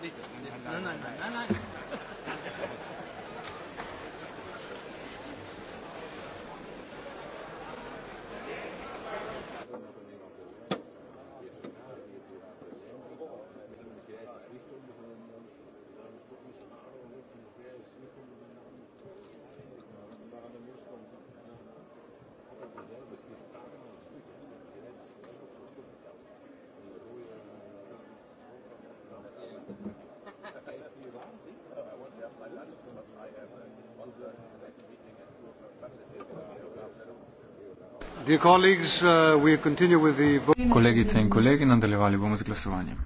Nein, nein, nein, nein, nein. nein. Uh, Kolegice in kolegi, nadaljevali bomo z glasovanjem.